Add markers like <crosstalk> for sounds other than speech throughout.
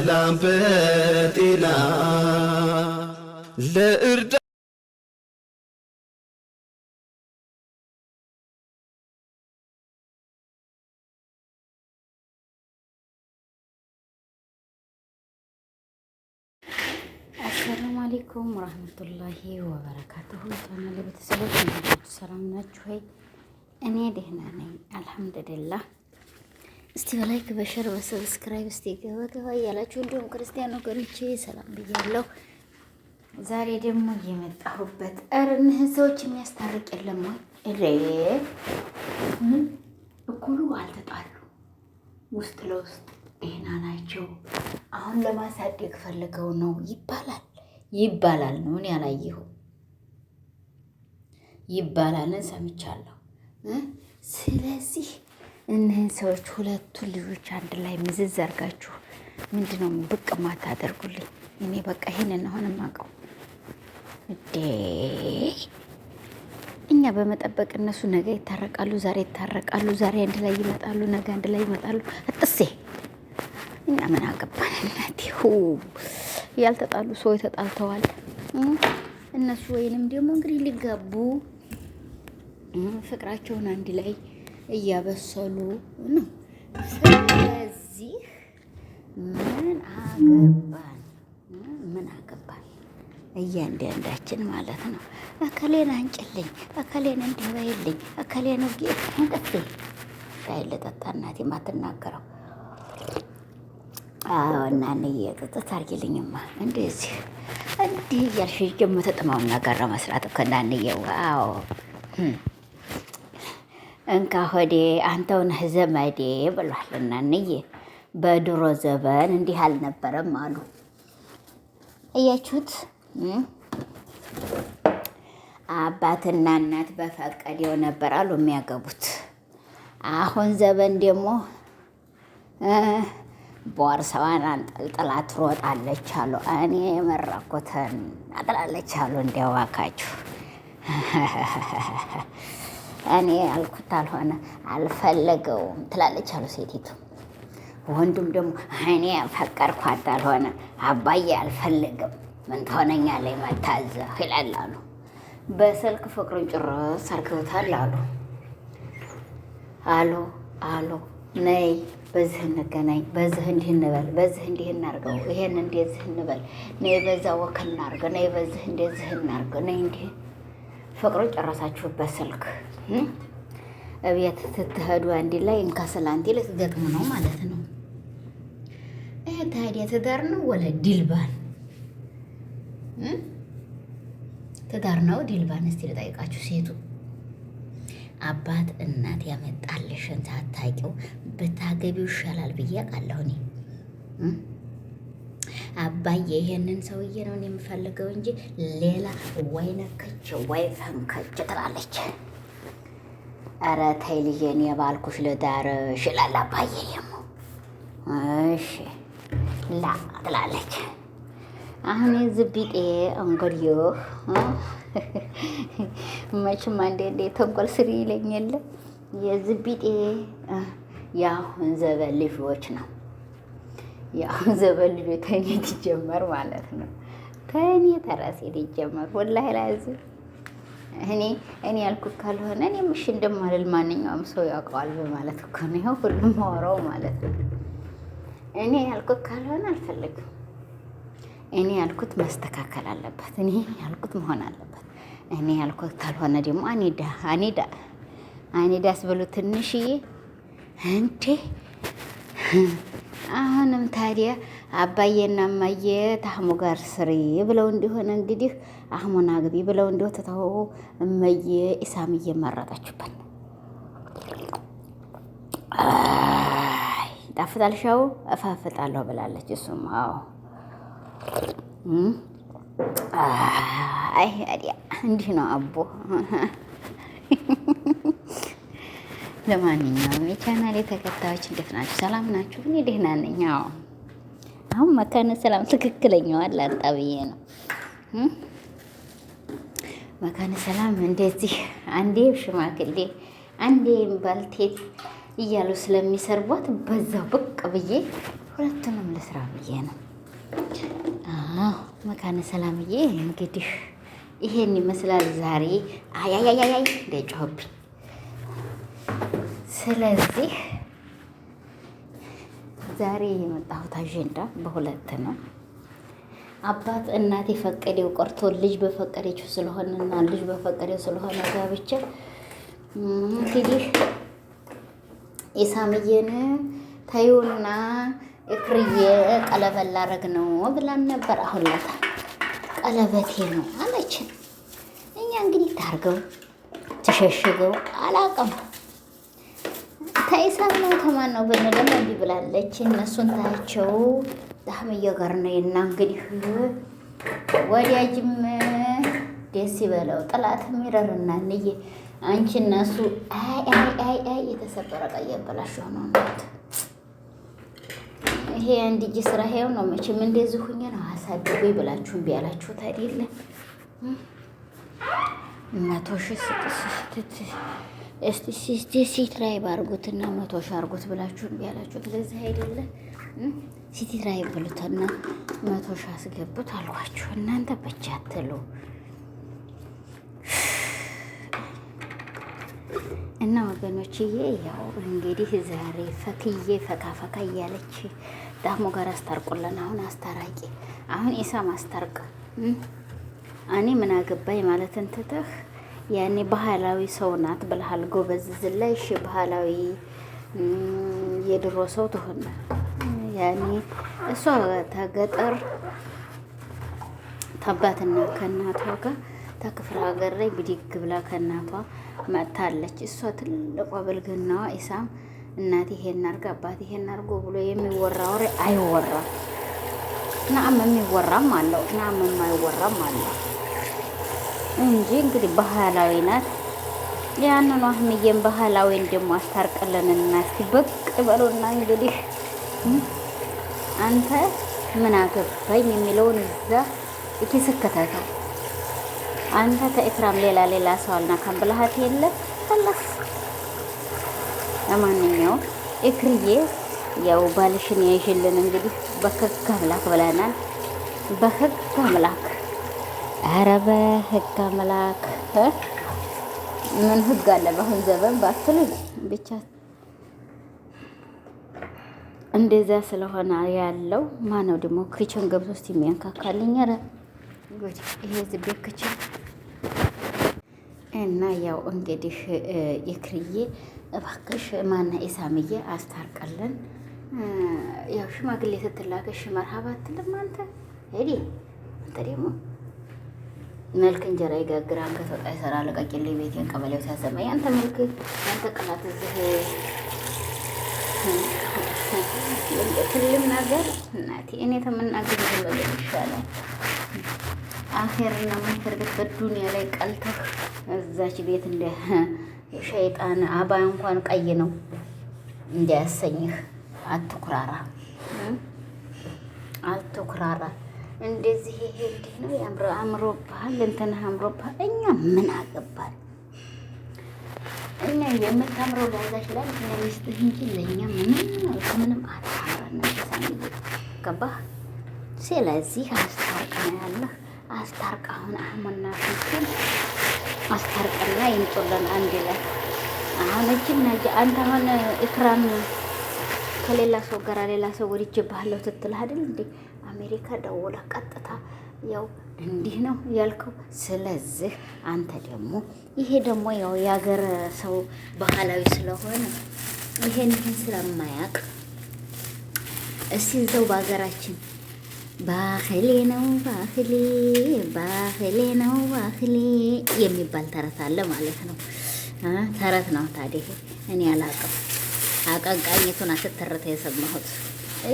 በሰላም በጤና ለእርዳ አሰላሙ አሌይኩም ወረህመቱላሂ ወበረካቱሁ። ለቤተሰቦች ሰላም ናችሁ ወይ? እኔ ደህና ነኝ አልሐምዱሊላህ። እስቲ በላይክ በሸር በሰብስክራይብ እስቲ ገበገባ እያላችሁ እንዲሁም ክርስቲያን ወገኖቼ ሰላም ብያለሁ። ዛሬ ደግሞ የመጣሁበት ኧረ እነህን ሰዎች የሚያስታርቅ የለም ወይ እኩሉ አልተጣሉ ውስጥ ለውስጥ ደህና ናቸው። አሁን ለማሳደግ ፈልገው ነው ይባላል ይባላል ነው እኔ አላየሁም። ይባላልን ሰምቻለሁ። ስለዚህ እነህን ሰዎች ሁለቱን ልጆች አንድ ላይ ምዝዝ አርጋችሁ ምንድነው ብቅ ማታደርጉልኝ? እኔ በቃ ይሄንን አሁን ማቀው እዴ እኛ በመጠበቅ እነሱ ነገ ይታረቃሉ፣ ዛሬ ይታረቃሉ፣ ዛሬ አንድ ላይ ይመጣሉ፣ ነገ አንድ ላይ ይመጣሉ። አጥሴ እና ምን አገባን? እናቴሁ ያልተጣሉ ሰዎች ተጣልተዋል። እነሱ ወይንም ደግሞ እንግዲህ ሊጋቡ ፍቅራቸውን አንድ ላይ እያበሰሉ ነው። ስለዚህ ምን አገባን ምን አገባን እያንዳንዳችን ማለት ነው። እከሌን አንጭልኝ፣ እከሌን እንዲበይልኝ፣ እከሌን ውጌ እንቅፌ ሻይ ልጠጣ እናቴ ማትናገረው እና እኔዬ ጥጥት አድርጊልኝማ እንደዚህ እንዲህ እያልሽ ጀመተ ጥማውን ነገር መስራት እኮ እናንዬው አዎ እንካ ሆዴ አንተው ነህ ዘመዴ ብሏል። እናንዬ በድሮ ዘበን እንዲህ አልነበረም አሉ። እያችሁት አባትና እናት በፈቀደው ነበር አሉ የሚያገቡት። አሁን ዘበን ደግሞ ቦርሳዋን አንጠልጥላ ትሮጣለች አሉ። እኔ የመረኩትን አጥላለች አሉ። እንዲያዋካችሁ <laughs> እኔ ያልኩት አልሆነ አልፈለገውም ትላለች አሉ ሴቲቱ። ወንዱም ደግሞ እኔ ያፈቀርኳት አልሆነ አባዬ አልፈለግም ምን ትሆነኛ ላይ መታዘ ይላል አሉ። በስልክ ፍቅሩን ጭረስ አርገውታል አሉ አሉ አሉ ነይ በዚህ እንገናኝ፣ በዚህ እንዲህ እንበል፣ በዚህ እንዲህ እናርገው፣ ይሄን እንደዚህ እንበል፣ ነይ በዛ ወክ እናርገ፣ ነይ በዚህ እንደዚህ እናርገ፣ ነይ እንዲህ ፈቅሮ ጨረሳችሁበት ስልክ እቤት ስትሄዱ አንድ ላይ እንከስል አንድ ላይ ነው ማለት ነው። ይህ ታዲያ ትዳር ነው ወለ ዲልባን ትዳር ነው ዲልባን? እስቲ ልጠይቃችሁ ሴቱ አባት እናት ያመጣልሽን ሳታውቂው ብታገቢው ይሻላል ብዬ ቃለሁ እኔ አባዬ ይሄንን ሰውዬ ነው የምፈልገው እንጂ ሌላ ወይ ነከች ወይ ፈንከች ትላለች። ኧረ ተይ ልጄን የባልኩሽ ልዳርሽ ይላል አባዬ። ደግሞ እሺ ላ ትላለች። አሁን ዝቢጤ እንግዲህ መቼም አንዴ እንዴ ተንኮል ስሪ ይለኝ የለ የዝቢጤ ያሁን ዘበል ልጆች ነው ያው ዘበል ልጆች ተኔት ይጀመር ማለት ነው። ተኔ ተራሴ ጀመር ወላሂ ላዚ እኔ እኔ ያልኩት ካልሆነ እኔ ምሽ እንደማልል ማንኛውም ሰው ያውቀዋል በማለት እኮ ነው ይኸው ሁሉም ማወራው ማለት ነው። እኔ ያልኩት ካልሆነ አልፈልግም። እኔ ያልኩት መስተካከል አለበት። እኔ ያልኩት መሆን አለበት። እኔ ያልኩት ካልሆነ ደግሞ አኔዳ አኔዳ አኒዳስ ብሎ ትንሽዬ እንዴ አሁንም ታዲያ አባዬና እማዬ ታህሙ ጋር ስሪ ብለው እንዲሆነ እንግዲህ አህሙን አግቢ ብለው እንዲሆ ትተው እመዬ ኢሳም እየመረጠችበት ጣፍጣልሻው እፋፍጣለሁ ብላለች። እሱም አዎ አይ እንዲህ ነው አቦ ለማንኛውም የቻናል ተከታዮች እንዴት ናችሁ? ሰላም ናችሁ? እኔ ደህና ነኝ። አዎ አሁን መካነ ሰላም ትክክለኛዋን ላንጣ ብዬ ነው። መካነ ሰላም እንደዚህ አንዴ ሽማግሌ አንዴ ባልቴት እያሉ ስለሚሰርቧት በዛው ብቅ ብዬ ሁለቱንም ልስራ ብዬ ነው። መካነ ሰላምዬ እንግዲህ ይሄን ይመስላል ዛሬ። አያያያይ እንዳይጮህብኝ ስለዚህ ዛሬ የመጣሁት አጀንዳ በሁለት ነው። አባት እናት የፈቀደው ቆርቶ ልጅ በፈቀደችው ስለሆነ እና ልጅ በፈቀደው ስለሆነ ጋብቻ እንግዲህ ኢሳምዬን ታዩና እክርዬ ቀለበት ላረግ ነው ብላን ነበር። አሁን ለታ ቀለበቴ ነው አለችን። እኛ እንግዲህ ታርገው ተሸሽገው አላቀም ተኢሳም ነው ተማን ነው ብንልም እምቢ ብላለች። እነሱን ታያቸው ዳህምዬ ጋር ነው የና እንግዲህ ወዲያጅም ደስ ይበለው ጥላት ሚረርና ንይ አንቺ እነሱ አይ አይ አይ አይ የተሰበረ ቀየበላሽ ሆኖ ነው ይሄ አንድ እጅ ስራ ሄው ነው መቼም እንደዚህ ሁኜ ነው አሳድጎ ብላችሁ እምቢ አላችሁት አይደለም መቶ ሺህ ስጥስት እስቲ ሲቲ ትራይብ አርጉትና መቶ ሺህ አርጉት ብላችሁ እምቢ ስለዚህ አይደለ ሲቲ ትራይ ብሉትና መቶ ሺህ አስገቡት አልኳችሁ። እናንተ ብቻ አትሉ እና ወገኖችዬ፣ ያው እንግዲህ ዛሬ ፈክዬ ፈካ ፈካ እያለች ዳሞ ጋር አስታርቁለን። አሁን አስታራቂ አሁን ኢሳም አስታርቅ እኔ ምን አገባኝ ማለት እንትተህ ያኔ ባህላዊ ሰው ናት ብለሃል። ጎበዝ ዝላ እሺ፣ ባህላዊ የድሮ ሰው ትሆነ። ያኔ እሷ ተገጠር ተባትና ከእናቷ ጋር ተክፍለ ሀገር ላይ ብድግ ብላ ከእናቷ መጥታለች። እሷ ትልቋ ብልግናዋ ኢሳም እናት ይሄን አርግ አባት ይሄን አርጎ ብሎ የሚወራ ወሬ አይወራም። ናአም የሚወራም አለው፣ ናም የማይወራም አለው። እንጂ እንግዲህ ባህላዊ ናት። ያንኑ አህምዬን ባህላዊን ደግሞ አስታርቅልን እና እስኪ በቅ በሉና እንግዲህ አንተ ምን አገባኝ የሚለውን እዛ እኪስከተተው አንተ ተኢክራም ሌላ ሌላ ሰው አልናካም ብልሃት የለ ተላስ። ለማንኛውም እክርዬ ያው ባልሽን ያይሽልን እንግዲህ በህግ አምላክ ብለናል። በህግ አምላክ ኧረ በህግ አምላክ ምን ህግ አለ በአሁን ዘመን ባትሉኝ፣ ብቻ እንደዛ ስለሆነ ያለው ማነው ደግሞ ክችን ገብቶ ውስጥ የሚያንካካልኝ? ረ ይሄ ዝቤ ክችን እና ያው እንግዲህ የክርዬ እባክሽ ማና ኢሳምዬ አስታርቀልን። ያው ሽማግሌ ስትላከሽ መርሃባ አትልም አንተ ሄዲ አንተ ደግሞ መልክ እንጀራ ይጋግራል ከተወጣ ይሰራ ለቀቂል ቤቴን ቀበሌው ሲያሰማ ያንተ መልክ ያንተ ቅናት እዚህ ትልም ነገር እናቴ እኔ ተምናገር ይበለ ይሻላል። ላይ ቀልተህ እዛች ቤት እንደ ሸይጣን አባ እንኳን ቀይ ነው እንዲያሰኝህ። አትኩራራ፣ አትኩራራ። እንደዚህ ይሄ እንዲህ ነው አምሮብሃል፣ እንትንህ አምሮብሃል። እኛ ምን አገባል? እኛ የምታምረው ለዛች ላይ ለሚስትህ እንጂ ለእኛ ምንም ከምንም አታምረን። ገባህ? ስለዚህ አስታርቃ ነው ያለህ። አስታርቃ አሁን አህሙና ፊትን አስታርቅና ይምጡልን አንድ ላይ አሁን እጅና አንተ አሁን እክራም ከሌላ ሰው ጋር ሌላ ሰው ወድጄ ባህለው ትትልህ አይደል እንዴ? አሜሪካ ደውላ ቀጥታ ያው እንዲህ ነው ያልከው። ስለዚህ አንተ ደግሞ ይሄ ደግሞ ያው የሀገር ሰው ባህላዊ ስለሆነ ይሄን ይህን ስለማያውቅ እስቲ እዛው በሀገራችን ባህሌ ነው ባህሌ ባህሌ ነው ባህሌ የሚባል ተረት አለ ማለት ነው። ተረት ነው ታዲያ እኔ አላውቅም። አቀንቃኝቱን አትተርተ የሰማሁት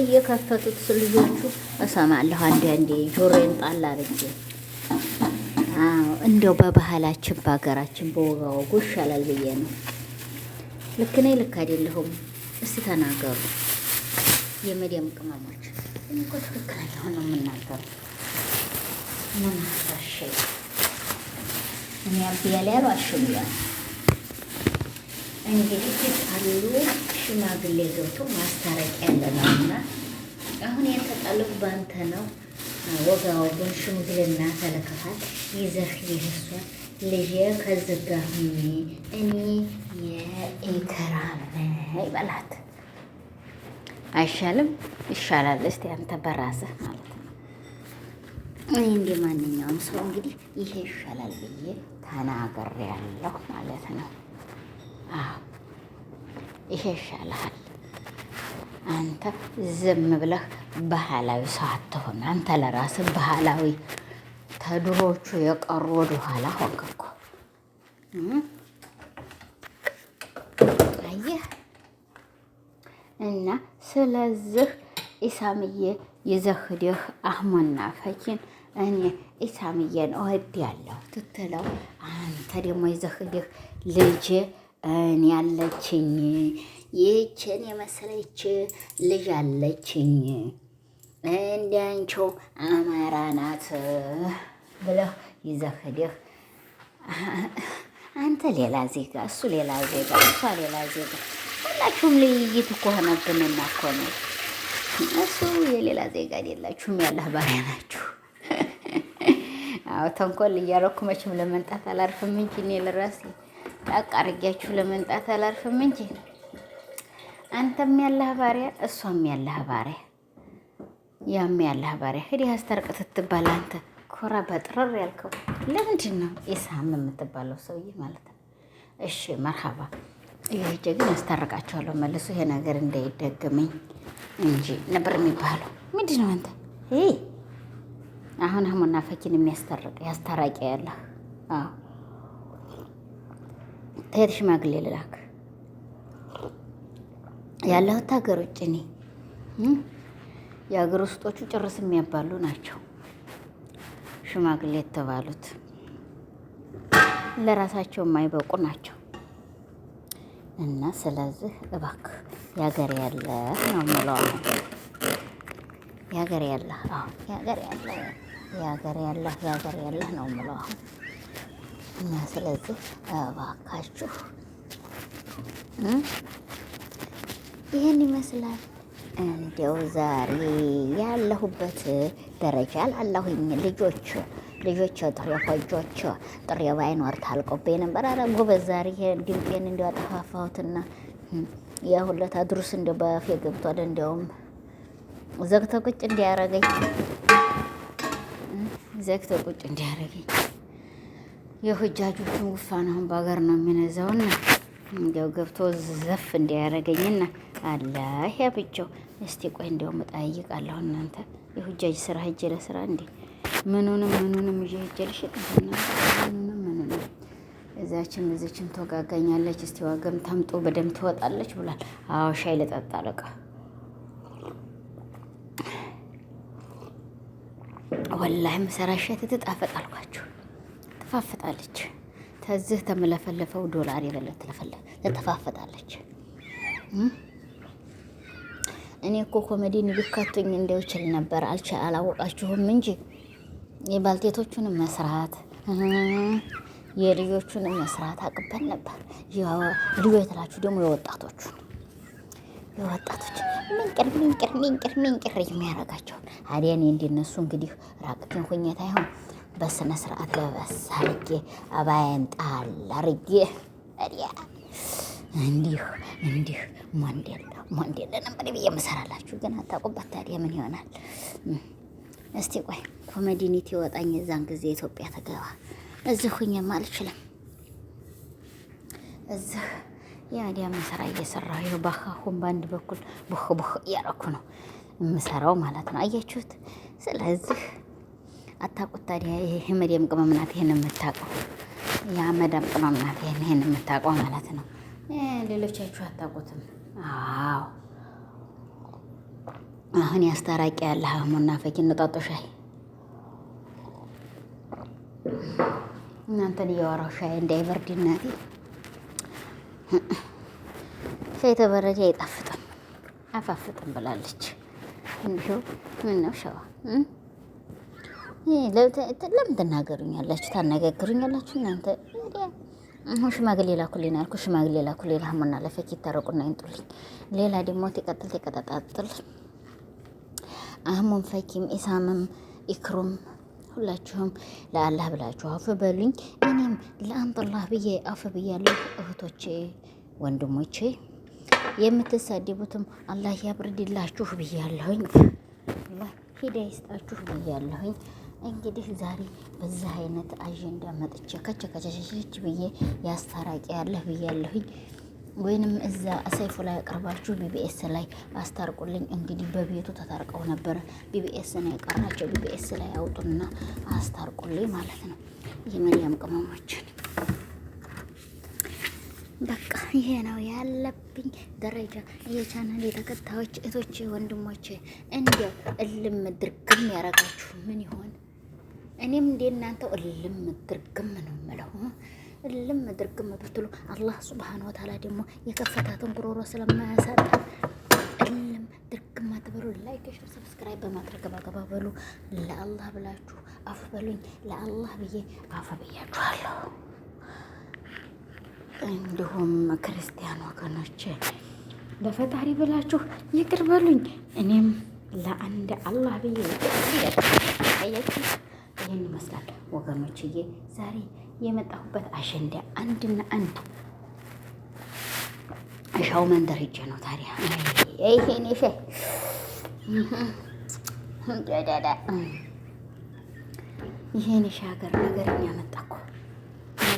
እየከፈቱት ልጆቹ እሰማለሁ። አንዴ አንዴ ጆሮዬን ጣል አድርጌ እንደው በባህላችን በሀገራችን በወጋ ወጉ ይሻላል ብዬ ነው። ልክ ነኝ ልክ አይደለሁም? እስቲ ተናገሩ የመዲያም ቅመሞች። እኔ እኮ ትክክለኛ ሆነ የምናገሩ ምን አሻ እኔ ላይ ያሉ አሽሙያ እንግዲህ አሉ ሽማግሌ ገብቶ ማስታረቅ ያለ ነው እና አሁን የተጣሉት በአንተ ነው። ወጋ ወጉን ሽምግልና ተለከፋት ይዘህ ይህሷል ልጄ ከዚህ ጋር ሁኚ እኔ የኢክራም ይበላት አይሻልም? ይሻላል። እስቲ አንተ በራስህ ማለት ነው። እኔ እንደ ማንኛውም ሰው እንግዲህ ይሄ ይሻላል ብዬ ተናገር ያለሁ ማለት ነው። ይሄ ይሻልሃል። አንተ ዝም ብለህ ባህላዊ ሰው አትሆን። አንተ ለራስህ ባህላዊ ተድሮቹ የቀሩ ወደኋላ ሆንክ እኮ አየህ። እና ስለዚህ ኢሳምዬ ይዘህድህ አህሙና ፈኪን እኔ ኢሳምዬን እወድ ያለሁ ትትለው አንተ ደግሞ ይዘህድህ ልጄ እኔ ያለችኝ ይህችን የመሰለች ልጅ አለችኝ እንዲያንቾ አማራ ናት ብለህ ይዘህ አንተ ሌላ ዜጋ፣ እሱ ሌላ ዜጋ፣ እሷ ሌላ ዜጋ፣ ሁላችሁም ልይይት እኮ ሆነብንና እኮ ነው። እሱ የሌላ ዜጋ አይደላችሁም፣ ያላህ ባሪያ ናችሁ። አዎ ተንኮል እያረኩ መቼም ለመንጣት አላርፍም እንጂ እኔ ልራሴ ጣቅ አድርጊያችሁ ለመምጣት አላርፍም እንጂ አንተም ያለህ ባሪያ፣ እሷም ያለህ ባሪያ፣ ያም ያለህ ባሪያ ሂደህ አስታርቅ ትትባል። አንተ ኮራ በጥረር ያልከው ለምንድን ነው? ኢሳም የምትባለው ሰውዬ ማለት ነው። እሺ መርሃባ ይሄጀ ግን አስታርቃቸዋለሁ መልሶ ይሄ ነገር እንዳይደገመኝ እንጂ ነበር የሚባለው። ምንድን ነው አንተ አሁን አህሙና ፈኪን የሚያስታርቅ ያስታራቂ ያለህ ተየት ሽማግሌ ልላክ ያለሁት ሀገር ውጭ እኔ የሀገር ውስጦቹ ጭርስ የሚያባሉ ናቸው። ሽማግሌ የተባሉት ለራሳቸው የማይበቁ ናቸው። እና ስለዚህ እባክ የሀገር ያለ ነው የምለው ነው የሀገር ያለህ፣ አዎ የሀገር ያለ የሀገር ያለ ነው የምለው እና ስለዚህ እባካችሁ ይህን ይመስላል። እንዲያው ዛሬ ያለሁበት ደረጃ ልጆች ልጆች ጥሬ ጥሬ ባይኖር ነበር። አረ ጎበዝ ዛሬ ድምጤን አድሩስ ገብቷል። እንዲያውም ቁጭ እንዲያረገኝ ዘግቶ ቁጭ እንዲያረገኝ የሁጃጆችን ጉፋን አሁን በሀገር ነው የሚነዛውና እንዲያው ገብቶ ዘፍ እንዲያደርገኝና አላህ ያብጀው። እስቲ ቆይ እንዲያውም እጠይቃለሁ። እናንተ የሁጃጅ ስራ ሂጅ ለስራ እንዴ ምኑንም ምኑንም ይዤ ሂጅ ልሽጥ ምኑንም ምኑንም እዛችን እዚችን ተወጋጋኛለች። እስቲ ዋገም ተምጦ በደም ትወጣለች ብሏል። አዎ ሻይ ልጠጣ አለቃ ወላሂ መሰራሻ ትትጣፈጥ አልኳችሁ። ትጠፋፍጣለች። ተዝህ ተመለፈለፈው ዶላር የበለት ትጠፋፍጣለች። እኔ እኮ ኮሜዲን ቢከቱኝ እንደው ይችል ነበር አልቻ አላወቃችሁም እንጂ የባልቴቶቹን መስራት የልጆቹን መስራት አቅበን ነበር። ልዩ የተላችሁ ደግሞ የወጣቶቹን የወጣቶች ምንቅር ምንቅር ምንቅር ምንቅር የሚያረጋቸውን አዲያኔ እንዲነሱ እንግዲህ ራቅትን ሁኘት አይሆን በስነ ስርዓት ለበስ አርጌ አባዬን ጣል አርጌ እዲያ እንዲሁ እንዲሁ ሞንዴል ሞንዴል ለነበር ብዬ የምሰራላችሁ ግን አታውቁበት። ታዲያ ምን ይሆናል? እስቲ ቆይ ኮሜዲኒቲ ወጣኝ። እዛን ጊዜ ኢትዮጵያ ተገባ። እዚህ ሁኝም አልችልም። እዚህ የአዲያ መሰራ እየሰራሁ ይኸው ባካሁን በአንድ በኩል ቡህ ቡህ እያረኩ ነው የምሰራው ማለት ነው። አያችሁት? ስለዚህ አታውቁት ታዲያ። ይሄ መደም ቅመም ናት ይሄን የምታውቀው ያ መዳም ቅመም ናት ይሄን ይሄን የምታውቀው ማለት ነው። ሌሎቻችሁ አታውቁትም። አዎ አሁን ያስታራቂ ያለ ሀሙና ፈኪ እንጣጦሻይ እናንተን እያወራሁ ሻይ እንዳይበርድ እናቴ ሻይ ተበረደ አይጣፍጥም አፋፍጥም ብላለች። እንዲሁ ምን ነው ሸዋ ለምን ትናገሩኛላችሁ? ታነጋግሩኛላችሁ እናንተ ሽማግሌ ላኩልኝ አልኩ። ሽማግሌ ላኩልኝ ለሀሙና ለፈኪ ይታረቁና ይንጡልኝ። ሌላ ደግሞ ተቀጥል ተቀጣጣጥል አህሙም ፈኪም ኢሳምም ኢክሩም ሁላችሁም ለአላህ ብላችሁ አፍ በሉኝ። እኔም ለአንጥላህ ብዬ አፍ ብያለሁ። እህቶቼ ወንድሞቼ፣ የምትሳደቡትም አላህ ያብርድላችሁ ብያለሁኝ። አላህ ሂዳ ይስጣችሁ ብያለሁኝ። እንግዲህ ዛሬ በዛ አይነት አጀንዳ መጥቼ ከቸከቸሸች ብዬ ያስታራቂ ያለህ ብዬ ያለሁኝ ወይንም እዛ ሰይፉ ላይ ያቀርባችሁ ቢቢኤስ ላይ አስታርቁልኝ። እንግዲህ በቤቱ ተታርቀው ነበረ። ቢቢኤስ ነው የቀራቸው። ቢቢኤስ ላይ አውጡና አስታርቁልኝ ማለት ነው። የመሪያም ቅመሞችን በቃ ይሄ ነው ያለብኝ ደረጃ። የቻናል የተከታዮች እህቶቼ፣ ወንድሞቼ እንዲያው እልም ድርግም ያረጋችሁ ምን ይሆን? እኔም እንደ እናንተው እልም ድርግም ነው የምለው። እልም ድርግም ብትሉ አላህ ሱብሃነ ወተዓላ ደግሞ የከፈታትን ጉሮሮ ስለማያሳጣ እልም ድርግም አትበሉ። ላይክ፣ ሼር፣ ሰብስክራይብ በማድረግ ገባገባ በሉ። ለአላህ ብላችሁ አፍ በሉኝ። ለአላህ ብዬ አፍ ብያችኋለሁ። እንዲሁም ክርስቲያን ወገኖች ለፈጣሪ ብላችሁ ይቅር በሉኝ። እኔም ለአንድ አላህ ብዬ ይቅር ይህን ይመስላል ወገኖችዬ። ዛሬ የመጣሁበት አሸንዳ አንድና አንድ እሻው መንደር ሂጄ ነው። ታዲያ ይሄን ይሄ ይሄን ይሻ ሀገር ነገረኛ መጣኩ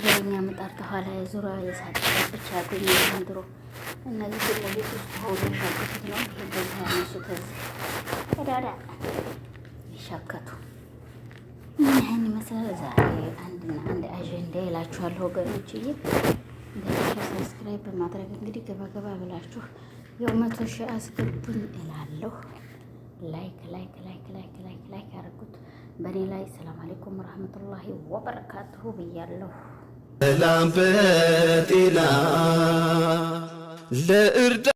ነገረኛ መጣር ከኋላ ዙሪያ የሳጭ ብቻ ያገኘ ዘንድሮ እነዚህ ግለቤት ውስጥ ሆኑ የሻገቱት ነው። ይሄ በዚህ ያነሱት እዚህ ይሻከቱ ይህን ይመስላል ዛሬ አንድና አንድ አጀንዳ ይላችኋለሁ ወገኖችዬ። በላቸው ሰብስክራይብ በማድረግ እንግዲህ ገባገባ ብላችሁ ያው መቶ ሺህ አስገቡኝ እላለሁ። ላይክ ላይክ ላይክ ላይክ ላይክ ላይክ ያደርጉት በእኔ ላይ። ሰላም አለይኩም ረህመቱላሂ ወበረካቱሁ ብያለሁ። ሰላም በጤና ለእርዳ